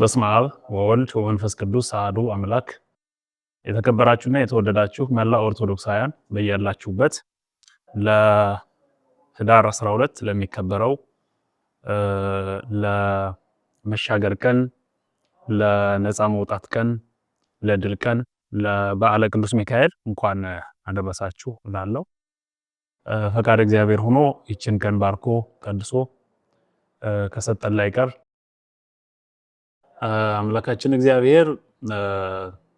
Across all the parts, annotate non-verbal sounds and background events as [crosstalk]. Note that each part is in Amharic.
በስመ አብ ወወልድ ወመንፈስ ቅዱስ አሐዱ አምላክ። የተከበራችሁና የተወደዳችሁ መላ ኦርቶዶክሳውያን በያላችሁበት ለህዳር 12 ለሚከበረው ለመሻገር ቀን ለነፃ መውጣት ቀን፣ ለድል ቀን፣ ለበዓለ ቅዱስ ሚካኤል እንኳን አደረሳችሁ እላለሁ። ፈቃድ እግዚአብሔር ሆኖ ይችን ቀን ባርኮ ቀድሶ ከሰጠን ላይ ቀር አምላካችን እግዚአብሔር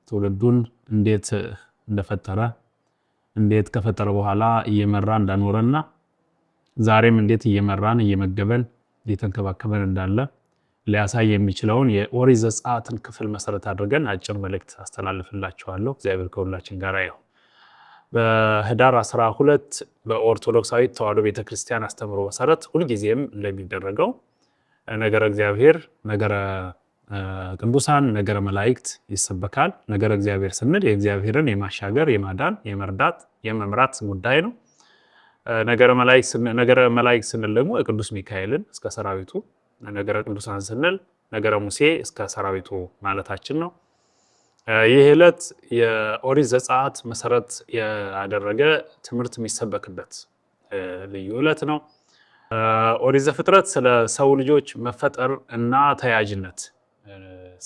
ትውልዱን እንዴት እንደፈጠረ እንዴት ከፈጠረ በኋላ እየመራ እንዳኖረና ዛሬም እንዴት እየመራን እየመገበን እየተንከባከበን እንዳለ ሊያሳይ የሚችለውን የኦሪት ዘጸአትን ክፍል መሰረት አድርገን አጭር መልእክት አስተላልፍላችኋለሁ። እግዚአብሔር ከሁላችን ጋር ይሁን። በህዳር 12 በኦርቶዶክሳዊት ተዋሕዶ ቤተክርስቲያን አስተምህሮ መሰረት ሁልጊዜም እንደሚደረገው ነገረ እግዚአብሔር፣ ነገረ ቅዱሳን፣ ነገረ መላእክት ይሰበካል። ነገረ እግዚአብሔር ስንል የእግዚአብሔርን የማሻገር የማዳን፣ የመርዳት፣ የመምራት ጉዳይ ነው። ነገረ መላእክት ስንል ደግሞ የቅዱስ ሚካኤልን እስከ ሰራዊቱ ነገረ ቅዱሳን ስንል ነገረ ሙሴ እስከ ሰራዊቱ ማለታችን ነው። ይህ ዕለት የኦሪት ዘጸአት መሰረት ያደረገ ትምህርት የሚሰበክበት ልዩ ዕለት ነው። ኦሪት ዘፍጥረት ስለ ሰው ልጆች መፈጠር እና ተያያዥነት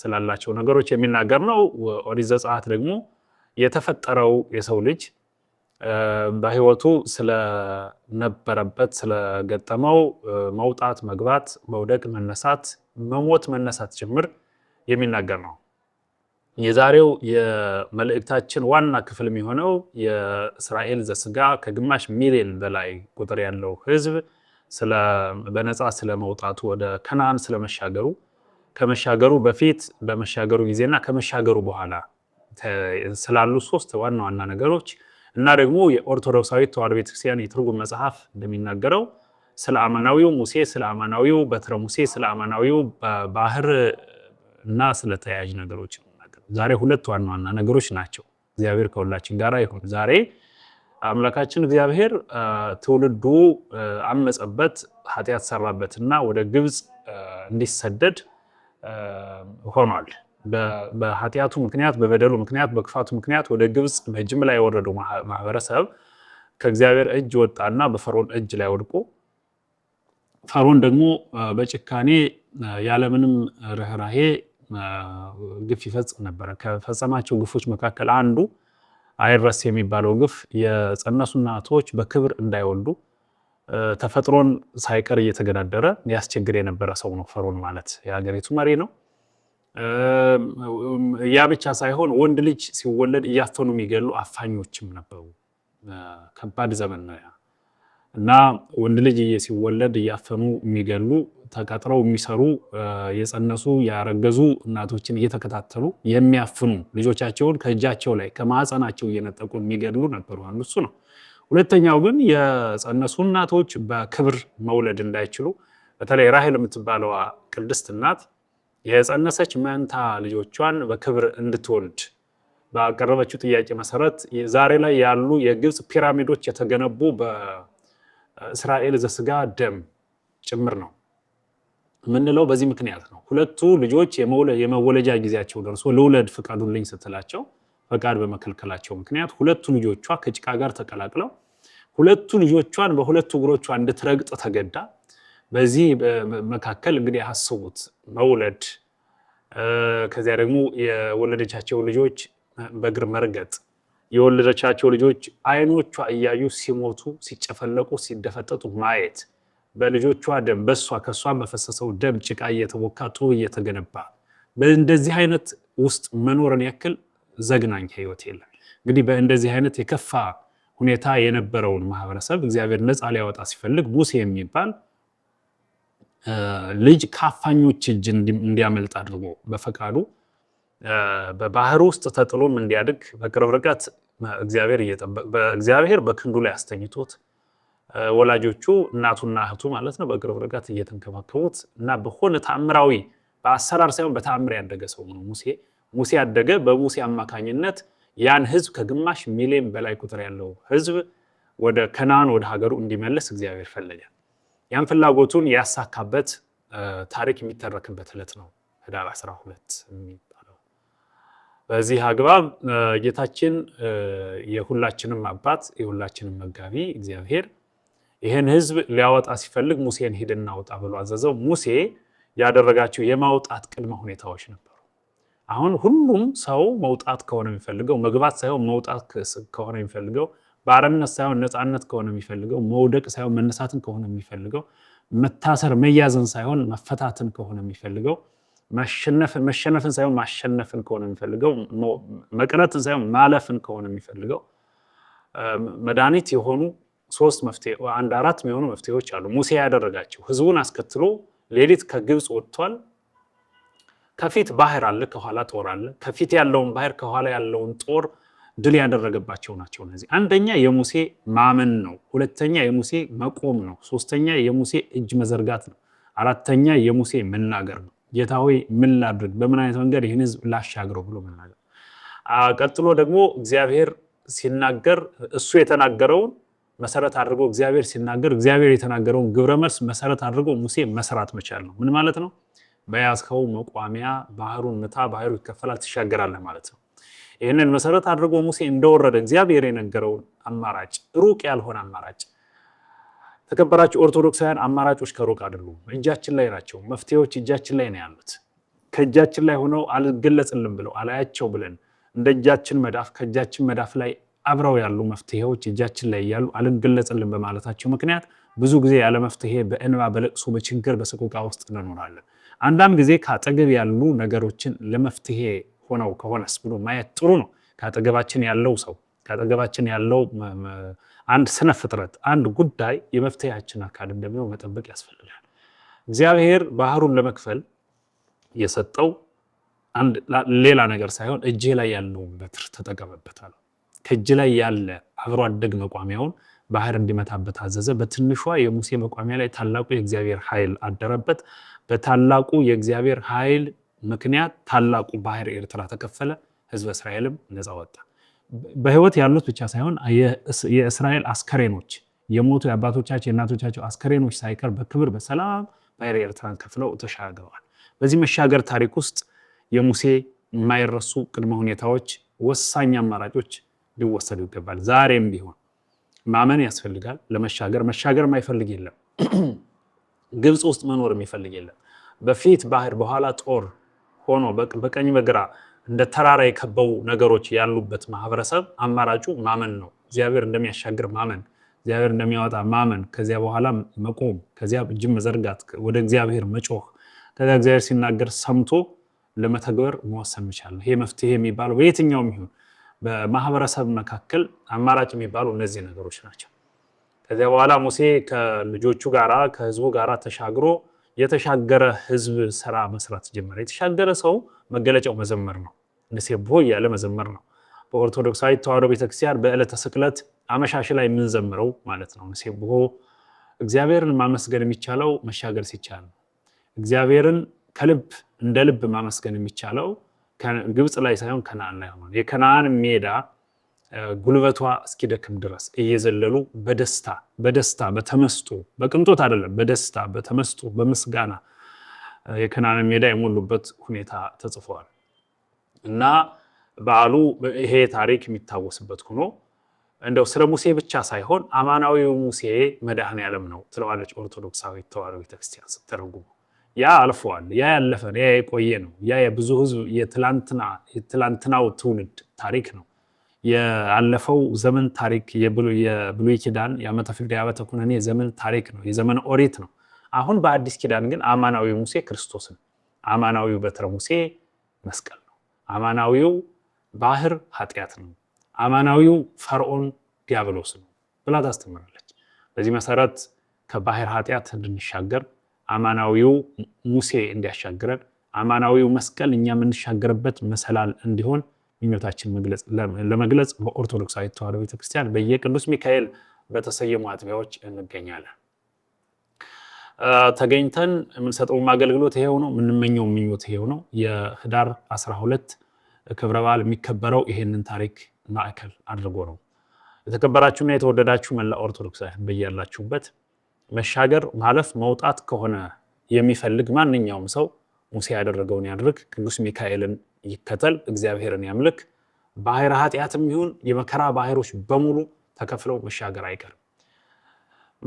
ስላላቸው ነገሮች የሚናገር ነው። ኦሪት ዘጸአት ደግሞ የተፈጠረው የሰው ልጅ በህይወቱ ስለነበረበት ስለገጠመው መውጣት፣ መግባት፣ መውደቅ፣ መነሳት፣ መሞት፣ መነሳት ጭምር የሚናገር ነው። የዛሬው የመልእክታችን ዋና ክፍል የሚሆነው የእስራኤል ዘስጋ ከግማሽ ሚሊዮን በላይ ቁጥር ያለው ህዝብ በነፃ ስለመውጣቱ ወደ ከናን ስለመሻገሩ ከመሻገሩ በፊት በመሻገሩ ጊዜና ከመሻገሩ በኋላ ስላሉ ሶስት ዋና ዋና ነገሮች እና ደግሞ የኦርቶዶክሳዊት ተዋሕዶ ቤተክርስቲያን የትርጉም መጽሐፍ እንደሚናገረው ስለ አማናዊው ሙሴ፣ ስለ አማናዊው በትረ ሙሴ፣ ስለ አማናዊው ባህር እና ስለ ተያያዥ ነገሮች ዛሬ ሁለት ዋና ዋና ነገሮች ናቸው። እግዚአብሔር ከሁላችን ጋር ይሁን። ዛሬ አምላካችን እግዚአብሔር ትውልዱ አመፀበት፣ ኃጢአት ሰራበትና ወደ ግብፅ እንዲሰደድ ሆኗል። በኃጢአቱ ምክንያት በበደሉ ምክንያት በክፋቱ ምክንያት ወደ ግብፅ በጅምላ የወረዱ ማህበረሰብ ከእግዚአብሔር እጅ ወጣና በፈርዖን እጅ ላይ ወድቆ ፈርዖን ደግሞ በጭካኔ ያለምንም ርኅራሄ ግፍ ይፈጽም ነበረ። ከፈጸማቸው ግፎች መካከል አንዱ አይረስ የሚባለው ግፍ የጸነሱ እናቶች በክብር እንዳይወልዱ ተፈጥሮን ሳይቀር እየተገዳደረ ያስቸግር የነበረ ሰው ነው። ፈርዖን ማለት የሀገሪቱ መሪ ነው። ያ ብቻ ሳይሆን ወንድ ልጅ ሲወለድ እያፈኑ የሚገሉ አፋኞችም ነበሩ። ከባድ ዘመን ነው ያ እና ወንድ ልጅ ሲወለድ እያፈኑ የሚገሉ ተቀጥረው የሚሰሩ የጸነሱ ያረገዙ እናቶችን እየተከታተሉ የሚያፍኑ ልጆቻቸውን ከእጃቸው ላይ ከማህፀናቸው እየነጠቁ የሚገድሉ ነበሩ። አንዱ እሱ ነው። ሁለተኛው ግን የጸነሱ እናቶች በክብር መውለድ እንዳይችሉ በተለይ ራሄል የምትባለዋ ቅድስት እናት የጸነሰች መንታ ልጆቿን በክብር እንድትወልድ ባቀረበችው ጥያቄ መሰረት ዛሬ ላይ ያሉ የግብፅ ፒራሚዶች የተገነቡ በእስራኤል ዘስጋ ደም ጭምር ነው የምንለው በዚህ ምክንያት ነው። ሁለቱ ልጆች የመወለጃ ጊዜያቸው ደርሶ ልውለድ ፍቃዱልኝ ስትላቸው ፈቃድ በመከልከላቸው ምክንያት ሁለቱ ልጆቿ ከጭቃ ጋር ተቀላቅለው ሁለቱ ልጆቿን በሁለቱ እግሮቿ እንድትረግጥ ተገዳ በዚህ መካከል እንግዲህ አስቡት መውለድ፣ ከዚያ ደግሞ የወለደቻቸው ልጆች በእግር መርገጥ፣ የወለደቻቸው ልጆች አይኖቿ እያዩ ሲሞቱ፣ ሲጨፈለቁ፣ ሲደፈጠጡ ማየት፣ በልጆቿ ደም በሷ ከሷ በፈሰሰው ደም ጭቃ እየተቦካ ጡብ እየተገነባ በእንደዚህ አይነት ውስጥ መኖርን ያክል ዘግናኝ ህይወት የለም። እንግዲህ በእንደዚህ አይነት የከፋ ሁኔታ የነበረውን ማህበረሰብ እግዚአብሔር ነፃ ሊያወጣ ሲፈልግ ሙሴ የሚባል ልጅ ካፋኞች እጅ እንዲያመልጥ አድርጎ በፈቃዱ በባህር ውስጥ ተጥሎም እንዲያድግ በቅርብ ርቀት እግዚአብሔር በክንዱ ላይ አስተኝቶት ወላጆቹ እናቱና እህቱ ማለት ነው በቅርብ ርቀት እየተንከባከቡት እና በሆነ ታምራዊ በአሰራር ሳይሆን በታምር ያደገ ሰው ነው ሙሴ። ሙሴ ያደገ በሙሴ አማካኝነት ያን ህዝብ ከግማሽ ሚሊዮን በላይ ቁጥር ያለው ህዝብ ወደ ከናን ወደ ሀገሩ እንዲመለስ እግዚአብሔር ፈለገ። ያን ፍላጎቱን ያሳካበት ታሪክ የሚተረክበት ዕለት ነው ህዳር 12 የሚባለው። በዚህ አግባብ ጌታችን የሁላችንም አባት የሁላችንም መጋቢ እግዚአብሔር ይህን ህዝብ ሊያወጣ ሲፈልግ ሙሴን ሂድ እናውጣ ብሎ አዘዘው። ሙሴ ያደረጋቸው የማውጣት ቅድመ ሁኔታዎች ነበሩ። አሁን ሁሉም ሰው መውጣት ከሆነ የሚፈልገው መግባት ሳይሆን መውጣት ከሆነ የሚፈልገው ባርነት ሳይሆን ነፃነት ከሆነ የሚፈልገው መውደቅ ሳይሆን መነሳትን ከሆነ የሚፈልገው መታሰር መያዝን ሳይሆን መፈታትን ከሆነ የሚፈልገው መሸነፍን ሳይሆን ማሸነፍን ከሆነ የሚፈልገው መቅረትን ሳይሆን ማለፍን ከሆነ የሚፈልገው መድኃኒት የሆኑ ሶስት መፍትሄ አንድ አራት የሚሆኑ መፍትሄዎች አሉ። ሙሴ ያደረጋቸው ህዝቡን አስከትሎ ሌሊት ከግብፅ ወጥቷል። ከፊት ባህር አለ፣ ከኋላ ጦር አለ። ከፊት ያለውን ባህር ከኋላ ያለውን ጦር ድል ያደረገባቸው ናቸው። እነዚህ አንደኛ የሙሴ ማመን ነው። ሁለተኛ የሙሴ መቆም ነው። ሶስተኛ የሙሴ እጅ መዘርጋት ነው። አራተኛ የሙሴ መናገር ነው። ጌታ ሆይ ምን ላድርግ፣ በምን አይነት መንገድ ይህን ህዝብ ላሻግረው ብሎ መናገር። ቀጥሎ ደግሞ እግዚአብሔር ሲናገር እሱ የተናገረውን መሰረት አድርጎ እግዚአብሔር ሲናገር እግዚአብሔር የተናገረውን ግብረ መልስ መሰረት አድርጎ ሙሴ መስራት መቻል ነው። ምን ማለት ነው? በያዝከው መቋሚያ ባህሩን ምታ፣ ባህሩ ይከፈላል፣ ትሻገራለህ ማለት ነው። ይህንን መሰረት አድርጎ ሙሴ እንደወረደ እግዚአብሔር የነገረውን አማራጭ ሩቅ ያልሆነ አማራጭ ተከበራችሁ ኦርቶዶክሳውያን፣ አማራጮች ከሩቅ አይደሉም፣ እጃችን ላይ ናቸው። መፍትሄዎች እጃችን ላይ ነው ያሉት። ከእጃችን ላይ ሆነው አልገለጽልም ብለው አላያቸው ብለን እንደ እጃችን መዳፍ ከእጃችን መዳፍ ላይ አብረው ያሉ መፍትሄዎች እጃችን ላይ እያሉ አልንገለጽልን በማለታቸው ምክንያት ብዙ ጊዜ ያለ መፍትሄ በእንባ በለቅሶ በችግር በሰቆቃ ውስጥ እንኖራለን። አንዳንድ ጊዜ ከአጠገብ ያሉ ነገሮችን ለመፍትሄ ሆነው ከሆነስ ብሎ ማየት ጥሩ ነው። ከአጠገባችን ያለው ሰው ከአጠገባችን ያለው አንድ ስነ ፍጥረት አንድ ጉዳይ የመፍትሄያችን አካል እንደሚሆን መጠበቅ ያስፈልጋል። እግዚአብሔር ባህሩን ለመክፈል የሰጠው ሌላ ነገር ሳይሆን እጄ ላይ ያለውን በትር ተጠቀመበታል። ከእጅ ላይ ያለ አብሮ አደግ መቋሚያውን ባህር እንዲመታበት አዘዘ። በትንሿ የሙሴ መቋሚያ ላይ ታላቁ የእግዚአብሔር ኃይል አደረበት። በታላቁ የእግዚአብሔር ኃይል ምክንያት ታላቁ ባህር ኤርትራ ተከፈለ፣ ህዝበ እስራኤልም ነፃ ወጣ። በህይወት ያሉት ብቻ ሳይሆን የእስራኤል አስከሬኖች የሞቱ የአባቶቻቸው የእናቶቻቸው አስከሬኖች ሳይቀር በክብር በሰላም ባህር ኤርትራን ከፍለው ተሻግረዋል። በዚህ መሻገር ታሪክ ውስጥ የሙሴ የማይረሱ ቅድመ ሁኔታዎች፣ ወሳኝ አማራጮች ሊወሰዱ ይገባል። ዛሬም ቢሆን ማመን ያስፈልጋል ለመሻገር። መሻገር የማይፈልግ የለም። [clears throat] ግብፅ ውስጥ መኖር የሚፈልግ የለም። በፊት ባህር፣ በኋላ ጦር ሆኖ በቀኝ በግራ እንደ ተራራ የከበቡ ነገሮች ያሉበት ማህበረሰብ አማራጩ ማመን ነው። እግዚአብሔር እንደሚያሻግር ማመን፣ እግዚአብሔር እንደሚያወጣ ማመን፣ ከዚያ በኋላ መቆም፣ ከዚያ እጅ መዘርጋት፣ ወደ እግዚአብሔር መጮህ፣ ከዚያ እግዚአብሔር ሲናገር ሰምቶ ለመተግበር መወሰን መቻል ነው። ይሄ መፍትሄ የሚባለው በየትኛውም ይሁን በማህበረሰብ መካከል አማራጭ የሚባሉ እነዚህ ነገሮች ናቸው። ከዚያ በኋላ ሙሴ ከልጆቹ ጋራ ከህዝቡ ጋራ ተሻግሮ የተሻገረ ህዝብ ስራ መስራት ጀመረ። የተሻገረ ሰው መገለጫው መዘመር ነው። ንሴቦ እያለ መዘመር ነው። በኦርቶዶክሳዊ ተዋሕዶ ቤተክርስቲያን በዕለተ ስቅለት አመሻሽ ላይ የምንዘምረው ማለት ነው። ንሴቦ እግዚአብሔርን ማመስገን የሚቻለው መሻገር ሲቻል ነው። እግዚአብሔርን ከልብ እንደ ልብ ማመስገን የሚቻለው ግብፅ ላይ ሳይሆን ከነአን ላይ ሆኖ የከነአን ሜዳ ጉልበቷ እስኪደክም ድረስ እየዘለሉ በደስታ በደስታ በተመስጦ በቅንጦት አይደለም፣ በደስታ በተመስጦ በምስጋና የከነዓንን ሜዳ የሞሉበት ሁኔታ ተጽፈዋል እና በዓሉ ይሄ ታሪክ የሚታወስበት ሆኖ እንደው ስለ ሙሴ ብቻ ሳይሆን አማናዊው ሙሴ መድኃኔ ዓለም ነው ትለዋለች ኦርቶዶክሳዊት ተዋሕዶ ቤተክርስቲያን ስተረጉሙ። ያ አልፈዋል፣ ያ ያለፈ፣ ያ የቆየ ነው። ያ የብዙ ህዝብ የትላንትናው ትውልድ ታሪክ ነው። የአለፈው ዘመን ታሪክ የብሉይ ኪዳን የዓመተ ፍዳ የዓመተ ኩነኔ የዘመን ታሪክ ነው፣ የዘመን ኦሪት ነው። አሁን በአዲስ ኪዳን ግን አማናዊው ሙሴ ክርስቶስ ነው። አማናዊው በትረ ሙሴ መስቀል ነው። አማናዊው ባህር ኃጢአት ነው። አማናዊው ፈርዖን ዲያብሎስ ነው ብላ ታስተምራለች። በዚህ መሰረት ከባህር ኃጢአት እንድንሻገር አማናዊው ሙሴ እንዲያሻግረን አማናዊው መስቀል እኛ የምንሻገርበት መሰላል እንዲሆን ምኞታችን ለመግለጽ በኦርቶዶክሳዊ ተዋሕዶ ቤተክርስቲያን በየቅዱስ ሚካኤል በተሰየሙ አጥቢያዎች እንገኛለን። ተገኝተን የምንሰጠውም አገልግሎት ይሄው ነው። የምንመኘው ምኞት ይሄው ነው። የህዳር 12 ክብረ በዓል የሚከበረው ይሄንን ታሪክ ማዕከል አድርጎ ነው። የተከበራችሁና የተወደዳችሁ መላ ኦርቶዶክሳውያን በያላችሁበት መሻገር ማለፍ መውጣት ከሆነ የሚፈልግ ማንኛውም ሰው ሙሴ ያደረገውን ያድርግ። ቅዱስ ሚካኤልን ይከተል፣ እግዚአብሔርን ያምልክ። ባህረ ኃጢአትም ይሁን የመከራ ባህሮች በሙሉ ተከፍለው መሻገር አይቀርም።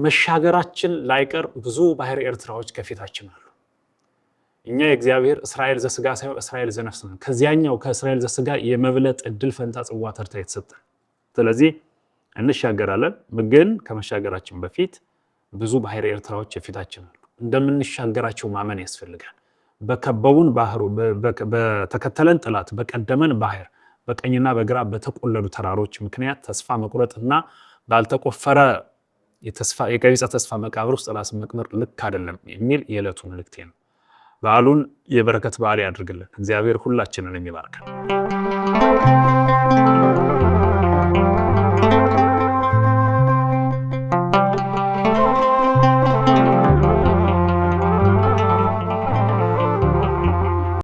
መሻገራችን ላይቀር ብዙ ባህር ኤርትራዎች ከፊታችን አሉ። እኛ የእግዚአብሔር እስራኤል ዘስጋ ሳይሆን እስራኤል ዘነፍስ ነን። ከዚያኛው ከእስራኤል ዘስጋ የመብለጥ እድል ፈንታ ጽዋ ተርታ የተሰጠ ስለዚህ እንሻገራለን። ግን ከመሻገራችን በፊት ብዙ ባህር ኤርትራዎች የፊታችን አሉ። እንደምንሻገራቸው ማመን ያስፈልጋል። በከበቡን ባህሩ በተከተለን ጥላት በቀደመን ባህር በቀኝና በግራ በተቆለሉ ተራሮች ምክንያት ተስፋ መቁረጥና ባልተቆፈረ የቀቢጸ ተስፋ መቃብር ውስጥ ራስ መቅበር ልክ አይደለም የሚል የዕለቱ ምልክቴ ነው። በዓሉን የበረከት በዓል ያድርግልን። እግዚአብሔር ሁላችንን የሚባርከን